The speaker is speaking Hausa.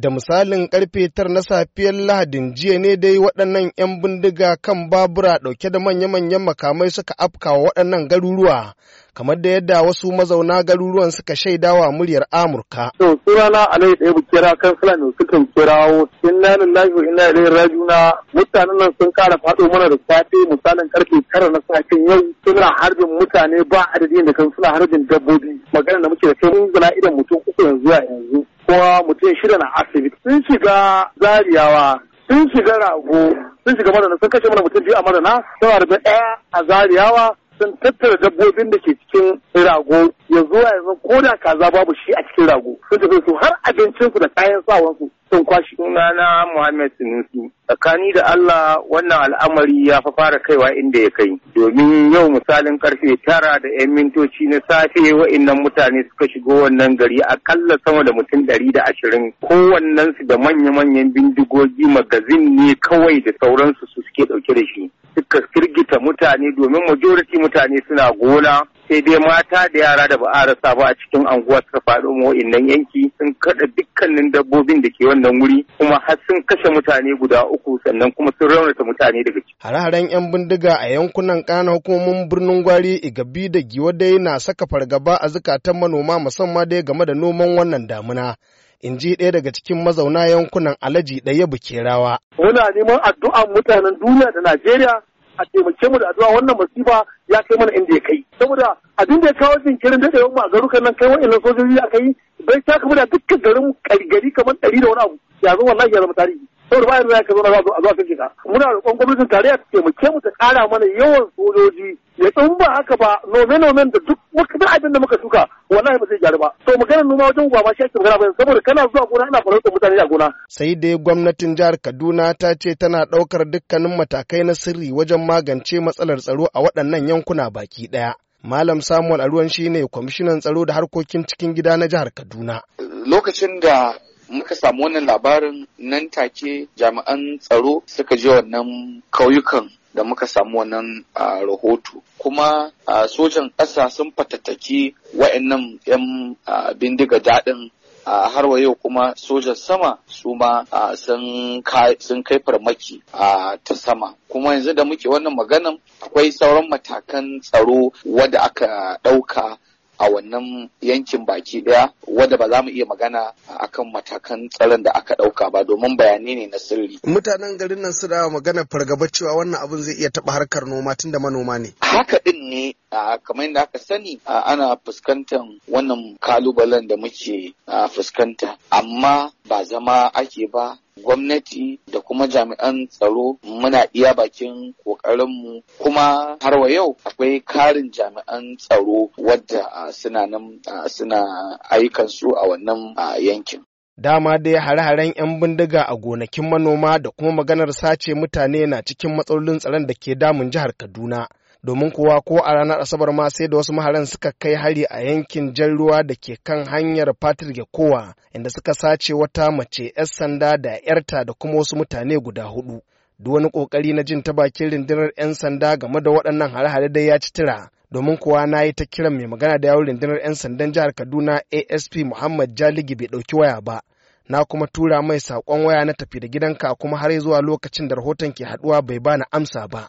da misalin karfe tar na safiyar lahadin jiya ne dai waɗannan 'yan bindiga kan babura ɗauke da manya-manyan makamai suka afkawa waɗannan garuruwa kamar da yadda wasu mazauna garuruwan suka shaidawa muryar amurka. to sunana alai ɗaya kira kan fulani sukan kirawo inna lillahi wa inna ilaihi rajiuna mutanen nan sun kara faɗo mana da safe misalin karfe tara na safin yau suna harbin mutane ba adadin da kan suna harbin dabbobi magana da muke da kai mun zala idan mutum uku yanzu a yanzu. kuma mutum shida na asibiti sun shiga zariyawa sun shiga rago sun shiga madana sun kashe mana mutum biyu a madana sun harbi ɗaya a zariyawa sun tattara dabbobin da ke cikin rago ya zuwa yanzu ko da kaza babu shi a cikin rago sun tafi su har abincinsu da kayan sawansu sun kwashi. Sunana Muhammad Sinusu. Tsakani da Allah wannan al'amari ya fa fara kaiwa inda ya kai. Domin yau misalin karfe tara da 'yan mintoci na safe wa'innan mutane suka shigo wannan gari akalla sama da mutum ɗari da ashirin. Kowannensu da manya-manyan bindigogi magazin ne kawai da sauransu su suke ɗauke da shi. Ka firgita mutane domin majority mutane suna gona sai dai mata da yara da ba a rasa ba a cikin anguwa suka faɗo mu wa'innan yanki sun kada dukkanin dabbobin da ke wannan wuri kuma har sun kashe mutane guda uku sannan kuma sun raunata mutane daga ciki. Hare-haren 'yan bindiga a yankunan kana hukumomin birnin gwari Igabi da Giwadai na saka fargaba a zukatan manoma musamman dai game da noman wannan damuna. in ji ɗaya daga cikin mazauna yankunan alaji ɗaya bukerawa. Muna neman addu'an mutanen duniya da Najeriya a taimake mu da addu'a wannan masifa ya kai mana inda ya kai saboda abin da ya kawo jinkirin da yawan garukan nan kai wa'annan sojoji aka yi bai ta kuma da dukkan garin gari kamar ɗari da wani abu ya zo wallahi ya zama tarihi saboda bayan da ya ka zo na zo a zuwa kan shiga muna da gwamnatin tarayya ta taimake mu ta ƙara mana yawan sojoji ya tsun ba haka ba nome nomen da duk wata abin da muka shuka wallahi ba zai gyaru ba to maganar noma wajen ba ma shi magana ba saboda kana zuwa gona ana farautar mutane a gona sai dai gwamnatin jihar Kaduna ta ce tana ɗaukar dukkanin matakai na sirri wajen magance matsalar tsaro a waɗannan yankuna baki ɗaya. Malam Samuel Aruwan ne kwamishinan tsaro da harkokin cikin gida na jihar Kaduna lokacin da muka samu wannan labarin nan take jami'an tsaro suka je wannan kauyukan da muka samu wannan rahoto kuma sojan ƙasa sun fatattaki wa'annan 'yan bindiga daɗin har wa yau kuma sojan sama su ma sun kai farmaki ta sama kuma yanzu da muke wannan maganan akwai sauran matakan tsaro wadda aka ɗauka a wannan yankin baki daya wadda ba za mu iya magana a kan matakan tsaron da aka dauka ba domin bayanai ne na sirri. Mutanen garin nan suna magana fargaba cewa wannan abin zai iya taba harkar noma tun da manoma ne. Haka din ne kamar yadda aka sani ana fuskantar wannan kalubalen da muke fuskanta amma ba zama ake ba gwamnati da kuma jami'an tsaro muna iya bakin ƙoƙarinmu kuma har wa yau akwai karin jami'an tsaro wadda suna nan suna a wannan yankin. Dama dai hare-haren 'yan bindiga a gonakin manoma da kuma maganar sace mutane na cikin matsalolin tsaron da ke damun jihar Kaduna. domin kuwa ko a ranar asabar ma sai da wasu maharan suka kai hari a yankin jan ruwa da ke kan hanyar fatir kowa inda suka sace wata mace 'yar sanda da 'yarta da kuma wasu mutane guda hudu duk wani kokari na jin ta bakin rundunar 'yan sanda game da waɗannan hare-hare dai ya ci tira domin kuwa na yi ta kiran mai magana da yawon rundunar 'yan sandan jihar kaduna asp muhammad jaligi bai ɗauki waya ba na kuma tura mai saƙon waya na tafi da gidanka kuma har zuwa lokacin da rahoton ke haɗuwa bai bani amsa ba